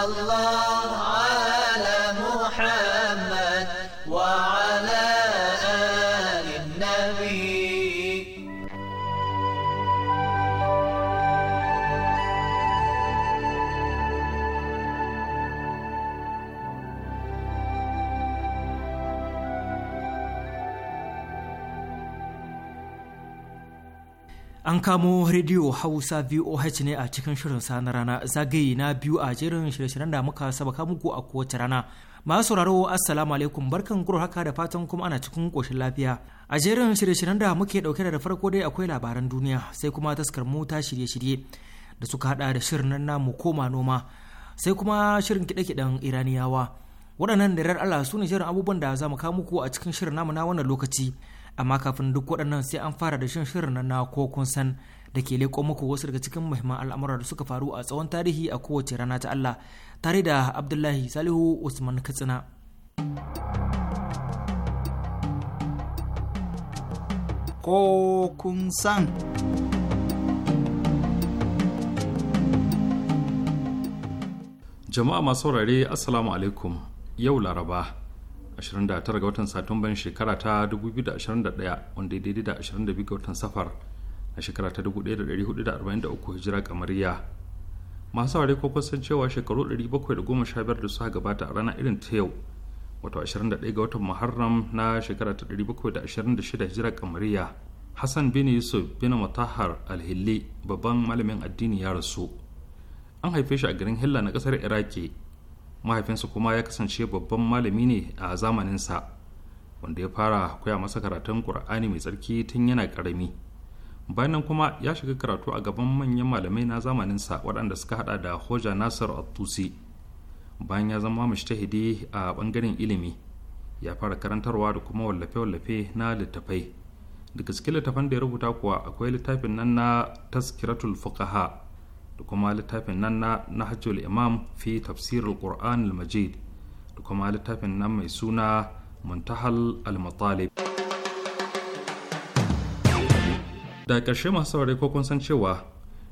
Allah. An kamo rediyo Hausa VOH ne a cikin shirin sa na rana zagaye na biyu a jerin shirye-shiryen da muka sabaka muku a kowace rana. Masu sauraro Assalamu alaikum barkan kuro haka da fatan kuma ana cikin koshin lafiya. A jerin shirye-shiryen da muke ɗauke da farko dai akwai labaran duniya sai kuma taskar mota shirye-shirye da suka hada da shirin nan mu koma noma sai kuma shirin kiɗe-kiɗen Iraniyawa. Waɗannan da Allah su ne shirin abubuwan da za mu kawo muku a cikin shirin namu na wannan lokaci. amma kafin duk waɗannan sai an fara da shan shirin na ko kun san da ke leƙo muku wasu daga cikin muhimman al'amura da suka faru a tsawon tarihi a kowace rana ta Allah tare da Abdullahi Salihu Usman Katsina. Ko kun san. Jama'a masu saurare Assalamu alaikum yau Laraba 29 ga watan satumban shekara ta 2021 wanda ya daidai da 22 ga watan safar a shekara ta 1443 hijira kamariya masu saurari ko kusan cewa shekaru 715 da suka gabata a ranar irin ta yau wato 21 ga watan muharram na shekara ta 726 hijira kamariya hassan bin yusuf bin mutahar alhilli babban malamin addini ya rasu an haife shi a garin hilla na kasar iraki mahaifinsa kuma ya kasance babban malami ne a zamaninsa wanda ya fara koya masa karatun Kur'ani mai tsarki tun yana ƙarami bayan nan kuma ya shiga karatu a gaban manyan malamai na zamaninsa waɗanda suka hada da hoja nasir attusi bayan ya zama mashtahidi a ɓangaren ilimi ya fara karantarwa da kuma wallafe-wallafe na littafai daga cikin littafan da ya rubuta kuwa akwai littafin nan na taskiratul fukaha. da kuma littafin nan na nahjul imam fi tafsirul qur'an al-majid da kuma littafin nan mai suna muntahal al-matalib da ƙarshe masu saurari ko kun san cewa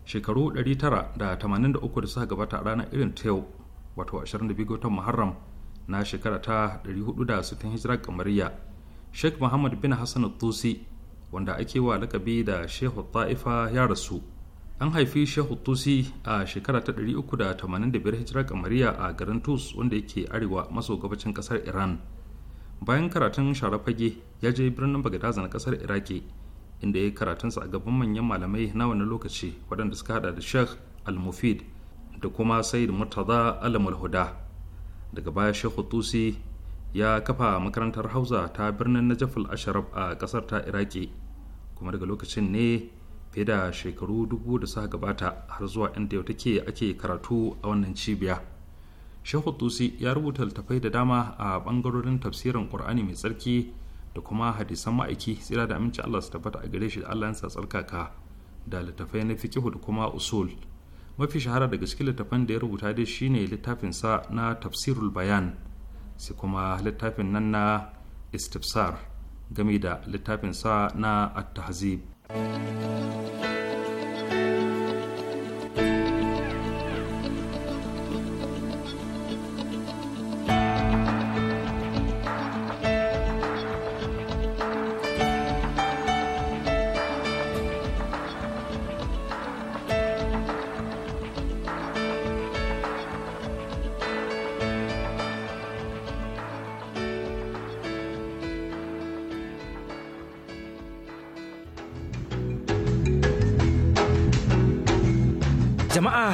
shekaru 983 da suka gabata a ranar irin ta yau wato 22 ga muharram na shekara ta 460 hijirar kamariya sheikh muhammad bin hassan tusi wanda ake wa lakabi da shehu ta'ifa ya rasu an haifi shehu tusi a shekara ta 385 hijirar kamariya a garin tus wanda yake arewa maso gabacin kasar iran bayan karatun sharafage ya je birnin bagadaza na kasar iraki inda ya yi karatunsa a gaban manyan malamai na wani lokaci waɗanda suka hada da sheikh al-mufid da kuma sayyid murtaza alamul huda daga baya shehu tusi ya kafa makarantar hausa ta birnin najaf al-asharaf a kasar ta iraki kuma daga lokacin ne fiye da shekaru dubu da suka gabata har zuwa inda yau take ake karatu a wannan cibiya shehu tusi ya rubuta littattafai da dama a bangarorin tafsirin qur'ani mai tsarki da kuma hadisan ma'aiki tsira da aminci allah su tabbata a gare shi da allah yansa tsarkaka da littattafai na fikihu da kuma usul mafi shahara daga cikin littattafan da ya rubuta dai shine littafin sa na tafsirul bayan sai kuma littafin nan na istifsar game da littafin sa na at あ!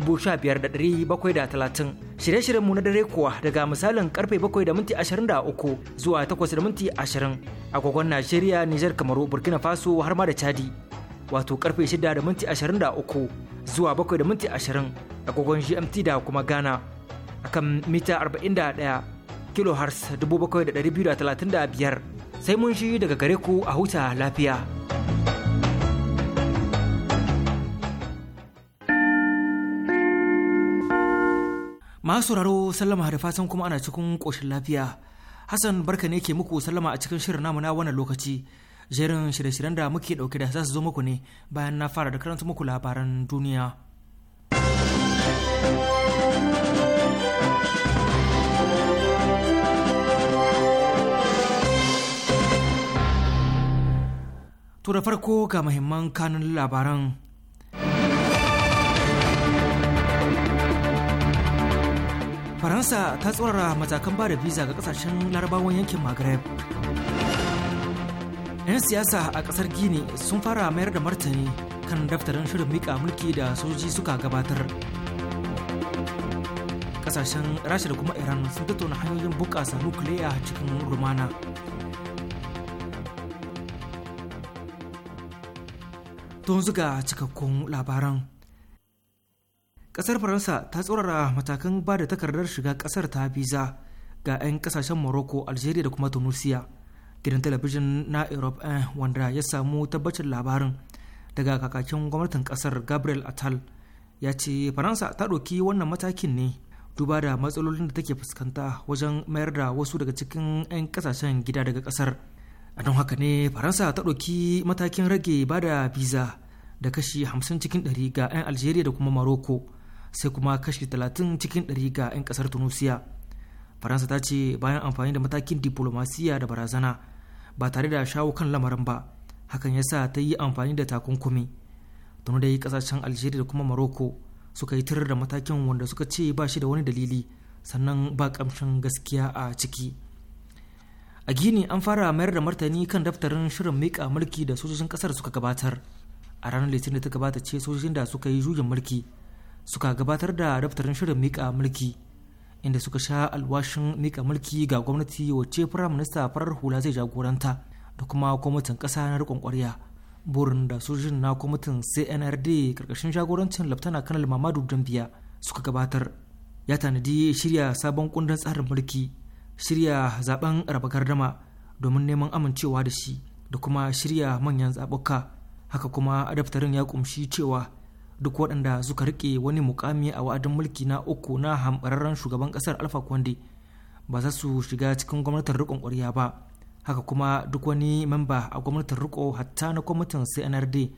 15730. Shirye-shiryenmu na dare kuwa daga misalin karfe 7 da minti zuwa 8 da minti 20 Najeriya, Nijar, Kamaru, Burkina Faso har ma da Chadi. Wato karfe 6 da minti zuwa 7 da minti 20 GMT da kuma Ghana. Akan mita 41 kilohertz 7235 sai mun shi daga gare ku a huta lafiya. masu sauraro sallama da fatan kuma ana cikin koshin lafiya hassan barka ne ke muku sallama a cikin shirin namu na wannan lokaci jerin shirye-shiryen da muke ɗauke da za su zo muku ne bayan na fara da karanta muku labaran duniya to da farko ga mahimman kanun labaran faransa ta tsorara matakan ba da visa ga kasashen larabawan yankin maghreb 'yan siyasa a kasar gini sun fara mayar da martani kan daftarin shirin mika mulki da sojoji suka gabatar kasashen rasha da kuma iran sun tattauna hanyoyin bukasa nukiliya cikin rumana don zuga cikakkun labaran kasar faransa ta tsorara matakan ba da takardar shiga kasar ta biza ga 'yan kasashen morocco algeria da kuma tunisia gidan talabijin na europe wanda ya samu tabbacin labarin daga kakakin gwamnatin kasar gabriel atal ya ce faransa ta ɗauki wannan matakin ne duba da matsalolin da take fuskanta wajen mayar da wasu daga cikin 'yan kasashen gida daga kasar a don haka ne faransa ta ɗauki matakin rage ba da biza da kashi 50 cikin 100 ga 'yan algeria da kuma morocco. sai kuma kashi 30 cikin 100 ga 'yan kasar tunisia faransa ta ce bayan amfani da matakin diplomasiya da barazana ba tare da shawo kan lamarin ba hakan ya sa ta yi amfani da takunkumi tunu da yi kasashen algeria da kuma morocco suka yi tirar da matakin wanda suka ce ba shi da wani dalili sannan ba kamshin gaskiya a ciki a gini an fara mayar da martani kan daftarin shirin miƙa mulki da sojojin ƙasar suka gabatar a ranar litinin da ta gabata ce sojojin da suka yi jujin mulki suka gabatar da daftarin shirin mika mulki inda suka sha alwashin mika mulki ga gwamnati wacce firaminista farar hula zai jagoranta da kuma kwamitin ƙasa na riƙon ƙwarya burin da sojin na kwamitin cnrd karkashin jagorancin laftana kanal mamadu dambiya suka gabatar ya tanadi shirya sabon kundin tsarin mulki shirya zaben raba gardama domin neman amincewa da shi da kuma shirya manyan zaɓuka haka kuma daftarin ya kumshi cewa duk waɗanda suka rike wani mukami a wa'adin mulki na uku na hamɓararren shugaban ƙasar alfa kwande ba za su shiga cikin gwamnatin riƙon ƙwarya ba haka kuma duk wani mamba a gwamnatin riƙo hatta na kwamitin cnrd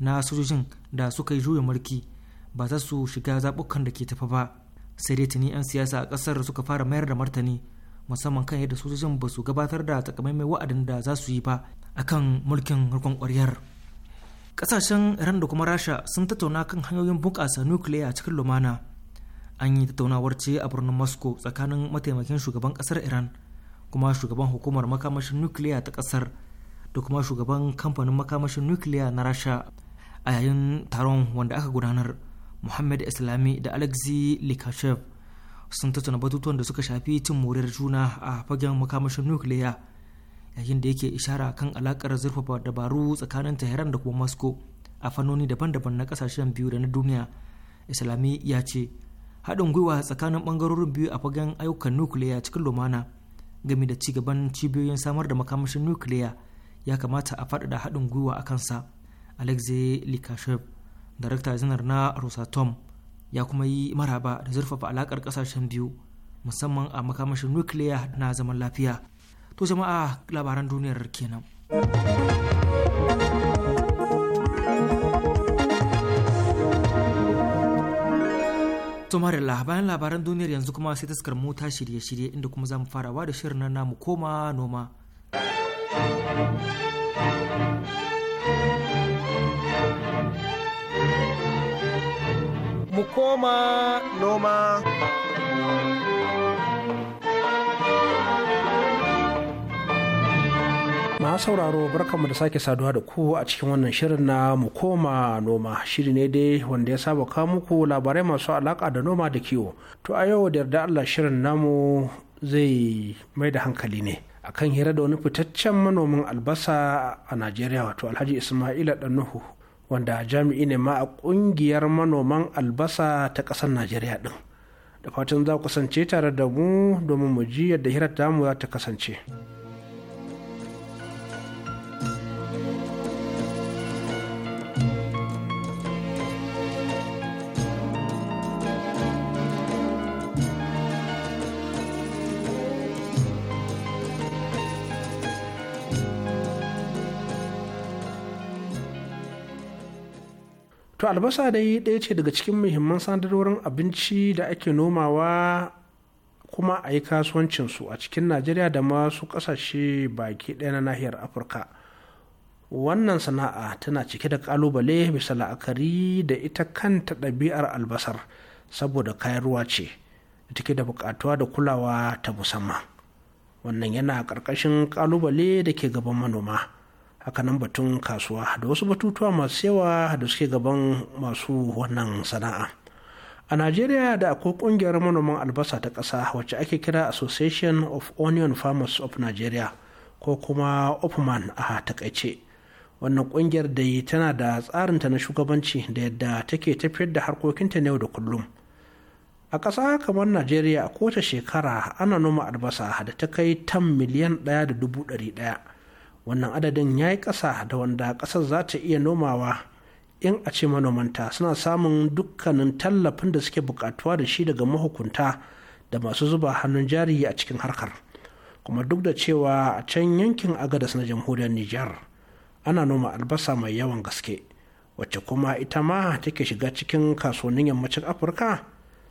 na sojojin da suka yi juya mulki ba za su shiga zaɓukan da ke tafa ba sai dai tuni 'yan siyasa a ƙasar suka fara mayar da martani musamman kan yadda sojojin ba su gabatar da takamaiman wa'adin da za su yi ba akan mulkin rikon ƙwaryar. kasashen iran da kuma rasha sun tattauna kan hanyoyin bunƙasa nukiliya cikin lumana an yi tattaunawar ce a birnin moscow tsakanin mataimakin shugaban kasar iran kuma shugaban hukumar makamashin nukiliya ta kasar da kuma shugaban kamfanin makamashin nukiliya na rasha a yayin taron wanda aka gudanar muhammad islami da alexei likashev sun tattauna batutuwan da suka shafi cin moriyar juna a fagen makamashin nukiliya yayin da yake ishara kan alakar zurfafa dabaru tsakanin tehran da kuma moscow a fannoni daban-daban na kasashen biyu da na duniya islami ya ce haɗin gwiwa tsakanin ɓangarorin biyu a fagen ayyukan nukiliya cikin lumana game da cigaban cibiyoyin samar da makamashin nukiliya ya kamata a faɗaɗa haɗin gwiwa a kansa alexei likashev darakta zinar na rosatom ya kuma yi maraba da zurfafa alakar kasashen biyu musamman a makamashin nukiliya na zaman lafiya to jama'a labaran duniyar kenan Tumarilla bayan labaran duniyar yanzu kuma sai taskar mota shirye-shirye inda kuma za mu farawa da shirin na namu koma noma. Mu koma noma. sauraro barkanmu da sake saduwa da ku a cikin wannan shirin na mu koma noma shiri ne dai wanda ya saba kawo muku labarai masu alaka da noma da kiwo to a yau da yarda allah shirin namu zai mai da hankali ne akan hira da wani fitaccen manomin albasa a najeriya wato alhaji ismaila nuhu wanda jami'i ne ma a kungiyar manoman albasa ta ƙasar najeriya din da fatan za ku kasance tare da mu domin mu ji yadda hirar tamu za ta kasance. to albasa dai ɗaya ce daga cikin muhimman sandarorin abinci da ake nomawa kuma a yi kasuwancinsu a cikin najeriya da masu ƙasashe baki ɗaya na nahiyar afirka wannan sana'a tana cike da ƙalubale bisa la'akari da ita kanta ɗabi'ar albasar saboda kayan ruwa ce da take da buƙatuwa da kulawa ta musamman wannan yana ƙarƙashin ƙalubale da ke gaban manoma. haka nan batun kasuwa da wasu batutuwa masu yawa da suke gaban masu wannan sana'a a najeriya da akwai kungiyar manoman albasa ta ƙasa wacce ake kira association of onion farmers of nigeria ko kuma opman a takaice wannan kungiyar da yi tana da tsarinta na shugabanci da yadda take tafiyar da harkokinta na yau da kullum a ƙasa kamar najeriya a kowace shekara ana noma albasa da ta kai tan miliyan ɗaya da dubu ɗari ɗaya wannan adadin ya yi ƙasa da wanda ƙasar za ta iya nomawa in a ce manomanta suna samun dukkanin tallafin da suke buƙatuwa da shi daga mahukunta da masu zuba hannun jari a cikin harkar kuma duk da cewa a can yankin agadas na jamhuriyar nijar ana noma albasa mai yawan gaske wacce kuma ita ma take shiga cikin kasuwannin yammacin afirka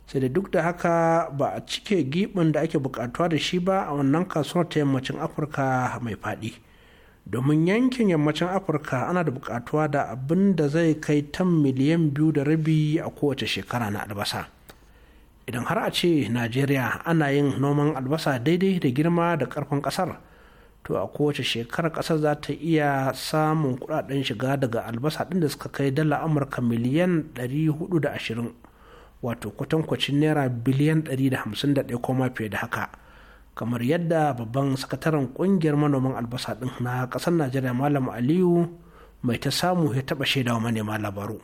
sai da duk da haka ba a cike gibin da ake bukatuwa da shi ba a wannan kasuwar ta yammacin afirka mai faɗi. domin yankin yammacin afirka ana da bukatuwa da abin da zai kai tan miliyan biyu da rabi a kowace shekara na albasa idan har a ce najeriya ana yin noman albasa daidai da girma da karfin kasar to a kowace shekara kasar za ta iya samun kudaden shiga daga albasa din da suka kai dala amurka miliyan 420 wato kwatankwacin naira biliyan 151 koma fiye da haka kamar yadda babban sakataren kungiyar manoman albasa din na kasar najeriya malam aliyu mai ta samu ya taba shaidawa manema labaru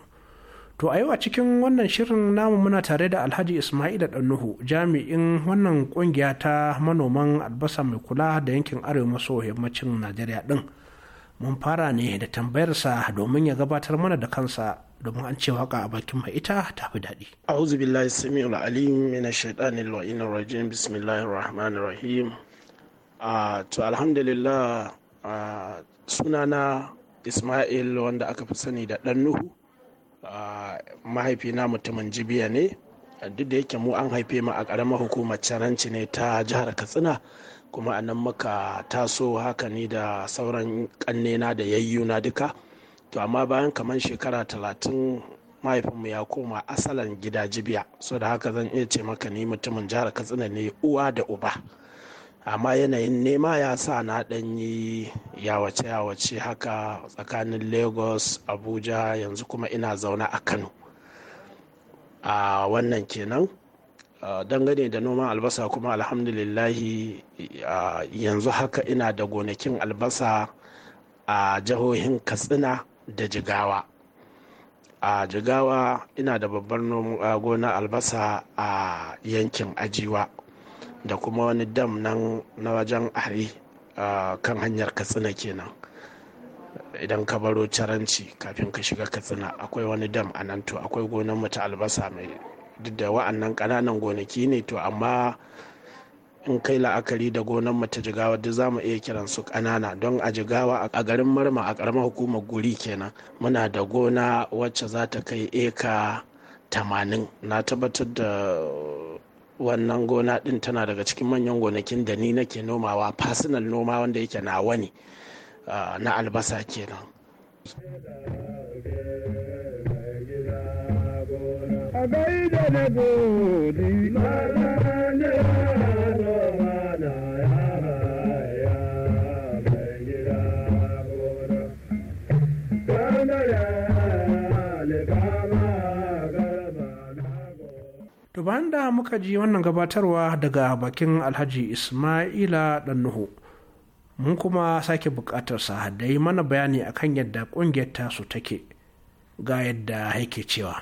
to a yau a cikin wannan shirin namu muna tare da alhaji ismaila ɗannuhu jami'in wannan kungiya ta manoman albasa mai kula da yankin arewa maso yammacin najeriya din mun fara ne da tambayarsa domin ya gabatar mana da kansa domin an ce waka a bakin mai ita ta fi daɗi. A'udhu billahi samiul alim min shaitanir la'inir rajim bismillahir rahmanir rahim. Ah, to alhamdulillah ah, sunana Ismail wanda aka fi sani da ɗan Nuhu. Ah, mahaifina mutumin jibiya ne duk da yake mu an haife mu a ƙaramar hukumar caranci ne ta jihar katsina kuma a nan muka taso haka ne da sauran ƙannena da yayyuna duka to amma bayan kamar shekara talatin mahaifinmu ya koma asalin gida jibiya so da haka zan iya ce maka ni mutumin jihar katsina ne uwa da uba amma yanayin nema ya sa na yi yawace yawace haka tsakanin lagos abuja yanzu kuma ina zauna a kano a wannan kenan dangane da noman albasa kuma alhamdulillahi yanzu haka ina da gonakin albasa a jihohin katsina da jigawa a jigawa ina da babbar gona albasa a yankin ajiwa da kuma wani dam nan na wajen ari kan hanyar katsina kenan idan ka baro caranci kafin ka shiga katsina akwai wani dam a nan to akwai gonan mu ta albasa mai duk da wa'annan ƙananan gonaki ne to amma in kai la'akari da gonan mu ta jigawa duk za mu iya kiran su ƙanana don a jigawa a garin marma a ƙaramar hukumar guri kenan muna da gona wacce za ta kai eka tamanin na tabbatar da wannan gona ɗin tana daga cikin manyan gonakin da ni nake nomawa fasinal noma wanda yake nawa ne na albasa kenan a gaida na godi to bayan da muka ji wannan gabatarwa daga bakin alhaji ismaila nuhu mun kuma sake buƙatarsa da yi mana bayani akan yadda ƙungiyar su take ga yadda yake cewa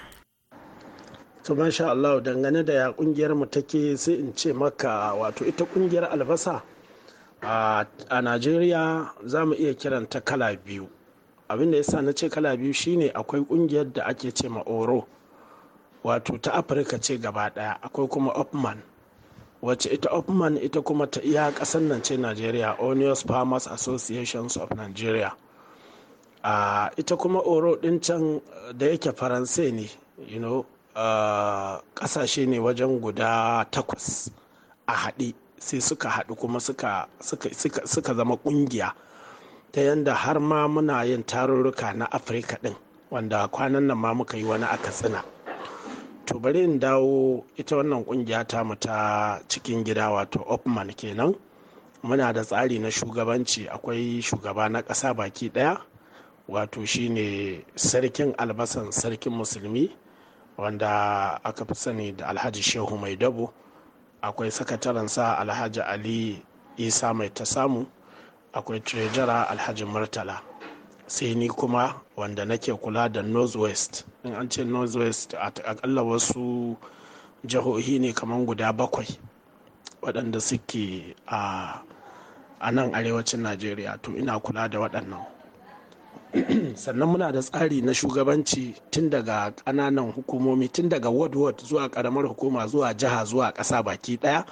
to masha Allah dangane da ya kungiyar mu take sai in ce maka wato ita ƙungiyar albasa a Najeriya za mu iya kiranta kala biyu abinda ya sa na ce kala biyu shine akwai ƙungiyar da ake ce ma oro wato ta afirka ce gaba daya akwai kuma opman wacce ita opman ita kuma ta iya kasar nan ce nigeria Onions farmers associations of nigeria uh, ita kuma oro din can da yake faransa ne you know uh, kasashe ne wajen guda takwas a haɗe sai suka haɗu kuma suka, zama ƙungiya ta yadda har ma muna yin tarurruka na afirka ɗin wanda kwanan nan ma muka yi wani a katsina to bari in dawo ita wannan kungiya ta mu ta cikin gida wato opman kenan muna da tsari na shugabanci akwai shugaba na ƙasa baki ɗaya wato shine sarkin albasan sarkin musulmi wanda aka fi sani da alhaji shehu mai dabo akwai sakatarensa alhaji ali isa mai ta samu akwai trejara alhaji murtala sai ni kuma wanda nake kula da northwest in an ce northwest akalla wasu jihohi ne kamar guda bakwai waɗanda suke a nan arewacin najeriya to ina kula da waɗannan sannan muna da tsari na shugabanci tun daga ƙananan hukumomi tun daga ward ward zuwa ƙaramar hukuma zuwa jiha zuwa ƙasa baki ɗaya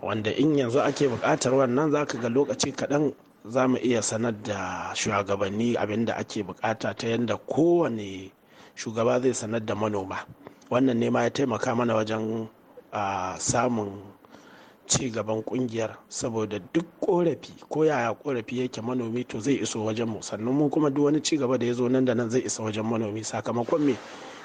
wanda in yanzu ake buƙatar wannan za ka ga lokaci kaɗan za mu iya sanar da shugabanni abin da ake bukata ta yadda kowane shugaba zai sanar da manoma wannan ne ma ya taimaka mana wajen samun ci gaban kungiyar saboda duk korafi ko yaya korafi yake manomi to zai iso wajen mu sannan mu kuma duk wani ci gaba da ya zo nan da nan zai isa wajen manomi sakamakon me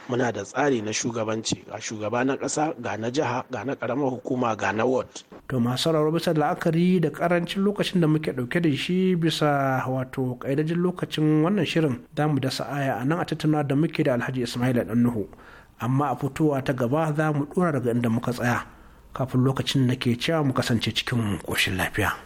muna da tsari na shugabanci ga shugaba na ƙasa ga na jiha ga na ƙaramar hukuma ga na ward to masu bisa la'akari da karancin lokacin da muke dauke da shi bisa wato ƙaidajin lokacin wannan shirin za mu dasa aya a nan a tattauna da muke da alhaji ismaila nuhu amma a fitowa ta gaba za mu dora daga inda muka tsaya kafin lokacin da ke cewa mu kasance cikin koshin lafiya.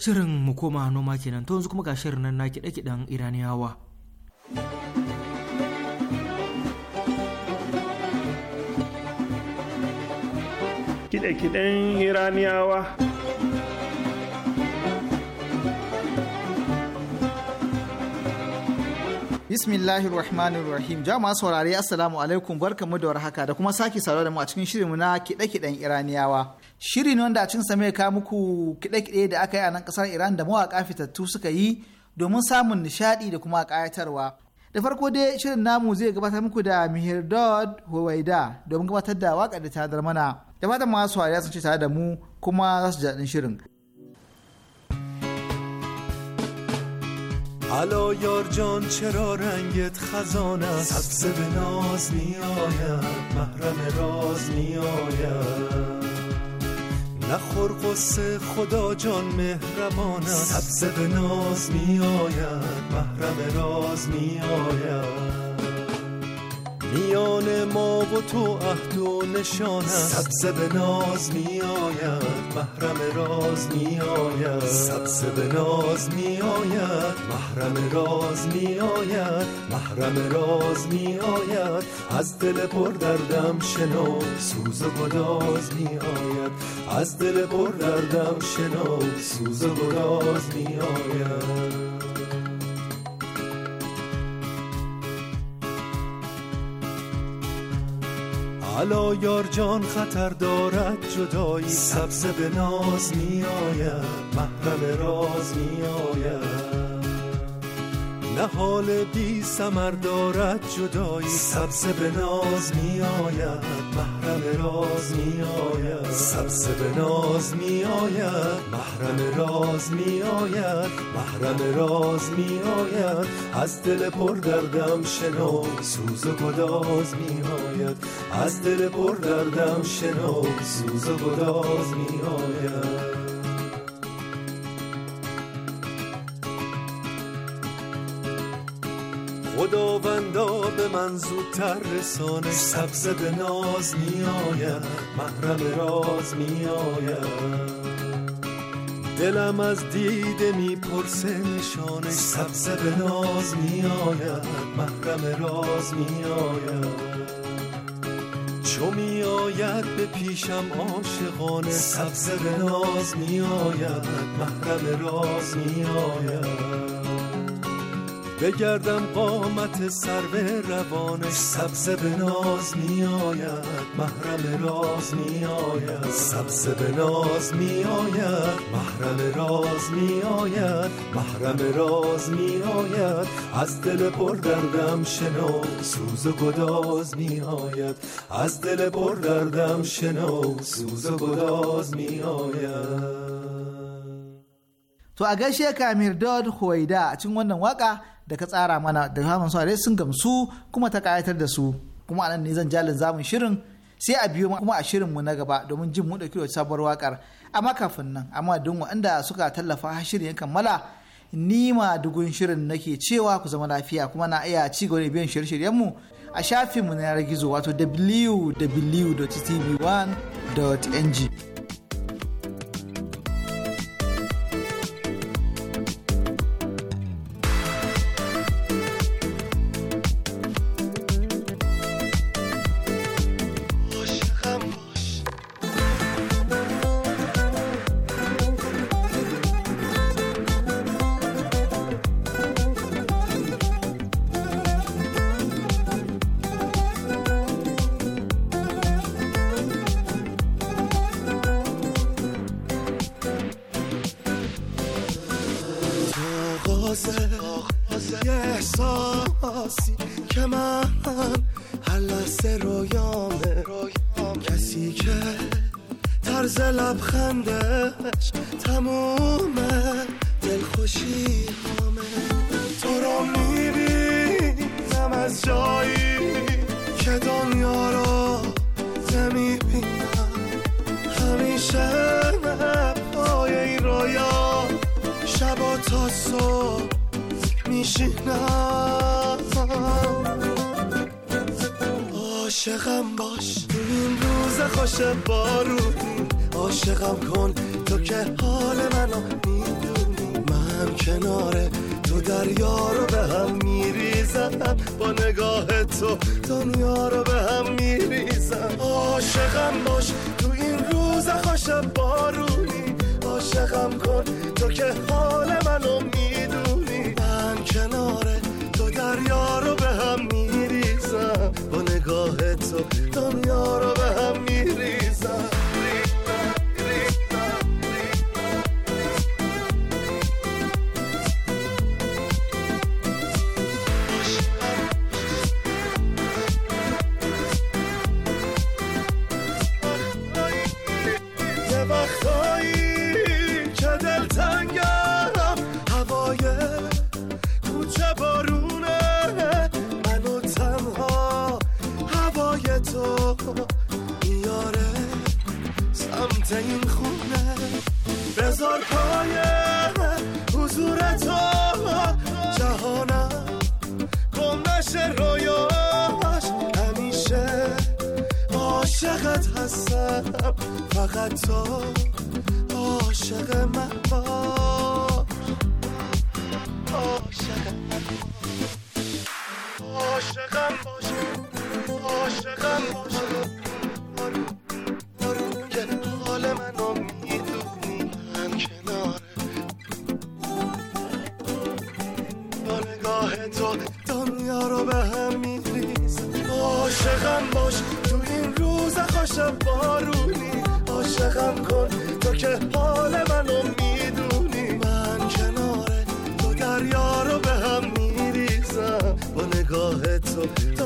Shirin mu koma noma kenan to yanzu kuma ga shirin nan na kiɗe-kiɗen Iraniyawa. Kiɗe-kiɗen Iraniyawa. Bismillahir Rahmanir Rahim. Jama'a saurare Assalamu alaikum mu da warhaka da kuma sake saurare da mu a cikin shirinmu na kiɗe-kiɗen Iraniyawa. Shiri ne wanda a cikin same ka muku kiɗe-kiɗe da aka yi a nan ƙasar Iran da mawaƙa fitattu suka yi domin samun nishaɗi da kuma ƙayatarwa. Da farko dai shirin namu zai gabatar muku da Mihirdod Huwaida domin gabatar da waƙar da ta mana. Da fatan masu saurare sun ce tare da mu kuma za su ji shirin. حالا یار جان چرا رنگت خزان است سبز به ناز آید محرم راز آید نخور قصه خدا جان مهربان است سبز به ناز می میآید محرم راز آید میان ما و تو عهد و نشان است سبز به ناز میآید محرم راز میآید سبز به ناز میآید محرم راز میآید محرم راز میآید از دل پر دردم شنو سوز و گداز میآید از دل پر دردم شنو سوز و گداز میآید حالا یار جان خطر دارد جدایی سبز به ناز می آید محرم راز می آید حال بی سمر دارد جدایی سبز به ناز می آید محرم راز می آید سبز به می آید محرم راز می آید محرم راز می آید از دل پر دردم شنو سوز و گداز می آید از دل پر دردم شنو سوز و گداز می آید خداوندا به من زودتر رسانه سبز به ناز میآید محرم راز میآید دلم از دیده پرسه نشانه سبز به ناز میآید محرم راز میآید چو میآید به پیشم عاشقانه سبز به ناز میآید محرم راز میآید بگردم قامت سر به روانش سبز به ناز می آید محرم راز می آید سبز به ناز می آید محرم راز می آید محرم راز می آید از دل بردردم شنو سوز و گداز می آید از دل بردردم شنو سوز و گداز می آید تو اگه gaishe کامیر چون خویده چون da ka tsara mana da samun saurare sun gamsu kuma ta kayatar da su kuma anan ne zan jalin zamun shirin sai a biyo kuma a shirin mu na gaba domin jin mu dauki wata sabuwar wakar amma kafin nan amma duk waɗanda suka tallafa har shirin ya kammala ni ma dugun shirin nake cewa ku zama lafiya kuma na iya ci gaba biyan shirye-shiryen mu a shafin mu na gizo wato www.tv1.ng خندش تمام خوشی همه تو رو میبینم از جایی که دنیا رو نمیبینم همیشه پای این رویا شبا تا صبح میشینم عاشقم باش این روز خوش بارونی عاشقم کن تو که حال منو میدونی من کناره تو دریا رو به هم میریزم با نگاه تو دنیا رو به هم میریزم عاشقم باش تو این روز خوشم بارونی عاشقم کن تو که حال منو میدونی من کناره تو دریا رو به هم میریزم با نگاه تو دنیا رو به هم میریزم کن سمت این خونه بذار پای حضور تو جهانم گم نشه رویاش همیشه عاشقت هستم فقط تو عاشق من باش عاشق من باش عاشقم باش عاشقم باش Russell.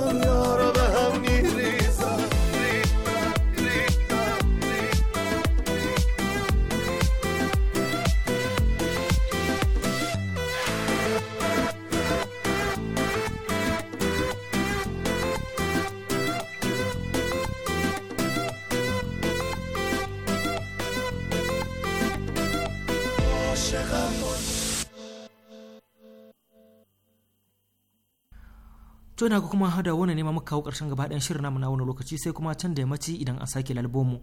to ina kuma hada wani nema muka kawo karshen gaba ɗayan shirin namu na wani lokaci sai kuma can da mace idan an sake lalbomu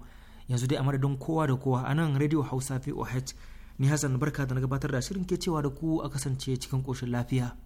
yanzu dai a madadin kowa da kowa a nan radio hausa voh ni hassan barka da na gabatar da shirin ke cewa da ku a kasance cikin koshin lafiya